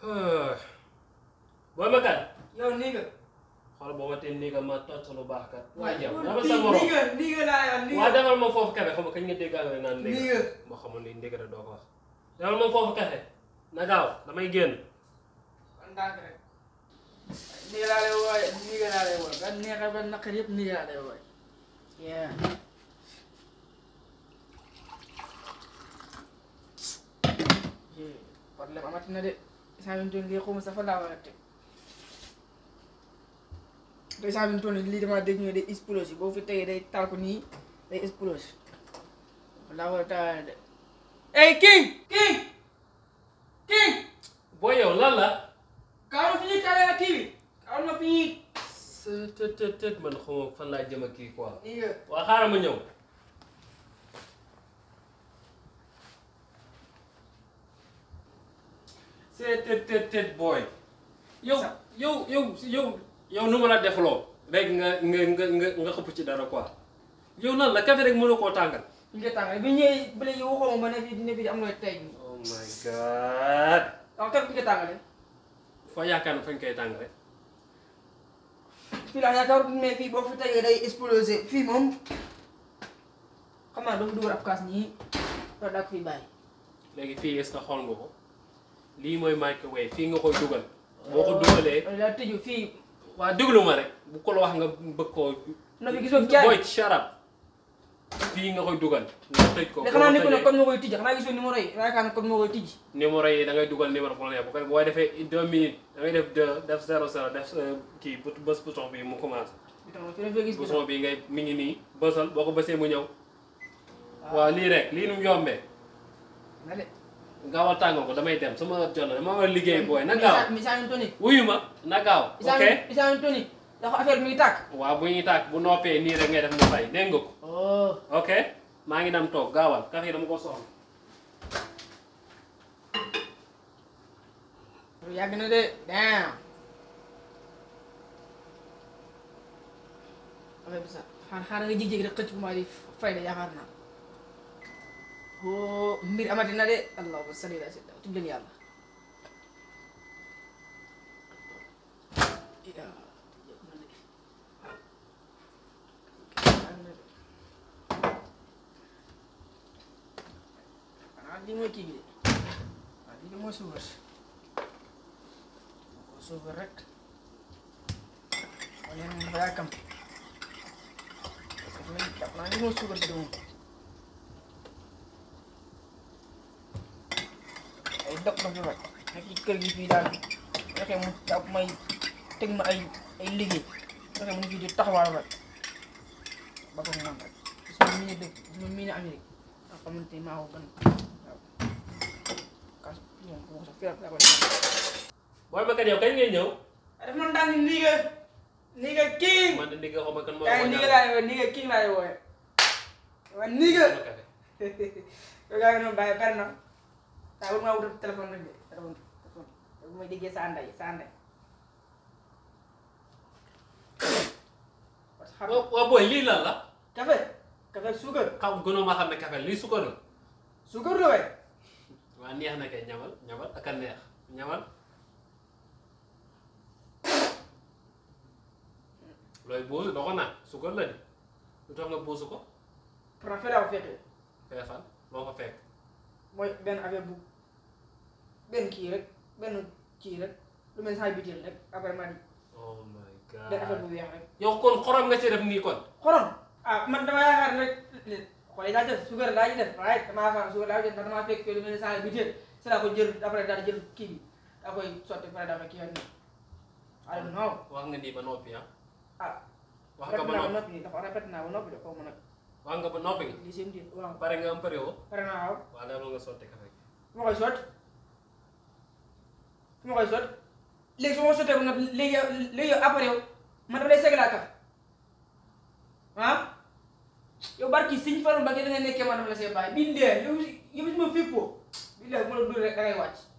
booy ma kat. ma tee nii nga ma toj sa lu baax kat. sa morom nii nga nii nga nii nga. ma foofu kafe xam nga nii nga ma xamul ni ndégg la doo ko wax. ma foofu kafe na gaaw damay génn. ndànk rek nii laa lay wooye nii nga laa lay wooye ba neexal ba naqar yëpp nii laa lay wooye. problème saalim doon lii xawma sax fa laa war a teg te saalim doon lii dama dégg ñu day explose boo fi tegee day taal ko nii day explose laa war a taal de ey king king king boo yow fi ñuy taale kii bi kaaru na fi ñuy tët tët tët man xawma fan jëm ak kii quoi waa xaaral ma ñëw seet teet teet teet booy. yow yow yow yow yow nu ma la defloo rek nga nga nga nga nga xëpp ci dara quoi yow lan la café rek mënoo koo tàngal. ñu koy tàngal bi ñëwee bële yi waxoo ma ne fii dina am na tey. oh my god. waaw café bi ñu koy tàngalee. foo yaakaar fii laa yaakaar ne fii boo fii moom xam kaas nii loolu daa ko bàyyi. léegi fii est-ce que nga ko. lii mooy microwave fii nga koy dugal. boo ko dugalee la tëju fii. waa déglu ma rek bu ko la wax nga bëgg koo. na fi gisoo jaay booy charab. fii nga koy dugal. nga tëj ko boo ko tëjee ne comme ni ma koy tijji xanaa gisoo numéro yi yaakaar na comme ni ma koy tijji. numéro yi da ngay dugal numéro bu la neex bu ko boo defee deux minutes da ngay def deux def zéro zéro def euh, kii bës bouton bi mu commencé. bouton bi ngay mi ngi nii bësal boo ko bësee mu ñëw. waaw lii rek lii nu mu yombee. gaawal tàngoo ko damay dem sama jot la dama war liggéey booy na gaaw misaan toni wuyu ma na gaaw ok misaan toni ndax affaire bi muy tàkk waaw bu ñuy tàkk bu noppee nii rek ngay def mu fay oh. maa ngi dem toog gaawal café yi dama ko soxla yàgg de damn affaire bi sax xanaa nga jékki-jékki rek xëcc di fay de mir مير أما دينا دي اللهم صل على سيدنا تبلن يا الله Ini mau kiri, ini mau sugar, mau sugar rek, mau yang beragam, ini mau sugar dong. dok dok dok nak kër gi fii daal fexe mu jàpp may teg ma ay ay liggéey fexe mu fii di taxawaal rek ba ko man rek cái que mii ne dëkk ñu mii ne Amérique nga xamante ni maa ko gën waaw kas moom ko sax fii laa koy booy bakkat yow kañ ngay ñëw daf man daan ni nga ni nga king man ni nga xoma kan moo ni nga laay wooye ni nga king laay wooye waa ni nga cái gaa ngi noonu bàyyi bari na waaye war ngaa wutal téléphone rek de téléphone téléphone bu may déggee sa ndey sa ndey waaw booy lii lan la café café suukar xam gënoo ma xam ne café lii suukar la suukar la waay waa neex na kay ñamal ñamal ak a neex looy buusu doo ko naan la di lu nga buusu ko pour a fekk laa ko fekkee feefan mooy benn affaire bu benn kii rek benn kii rek lu mel ni biteel rek après ma di. Oh benn affaire weex rek. yow kon xorom nga ci def nii kon. xorom ah man dama yaakaar rek xooli daa def suukar daa ci def waaye dama yaakaar suukar daa ci def ndax damaa fekk lu mel ni saa si laa ko jël après daal jël kii bi daa koy sotti pare daal kii ak nii. nga ba noppi ah. ah wax nga ba noppi répété naa ba noppi dafa répété naa ba noppi dafa mën a. wax nga ba noppi. li seen diir waaw pare nga am pare naa waaw. nga sotti kafe. fu ma koy sot léegi su ma sotee ko nag léegi yow léegi yow après yow man dama lay segg laa kaf ah yow barki Sëñ Fallu Mbàkke da nga nekkee man dama la see bàyyi bindee yow ma fippoo bindee bu ma la dul rek da ngay wàcc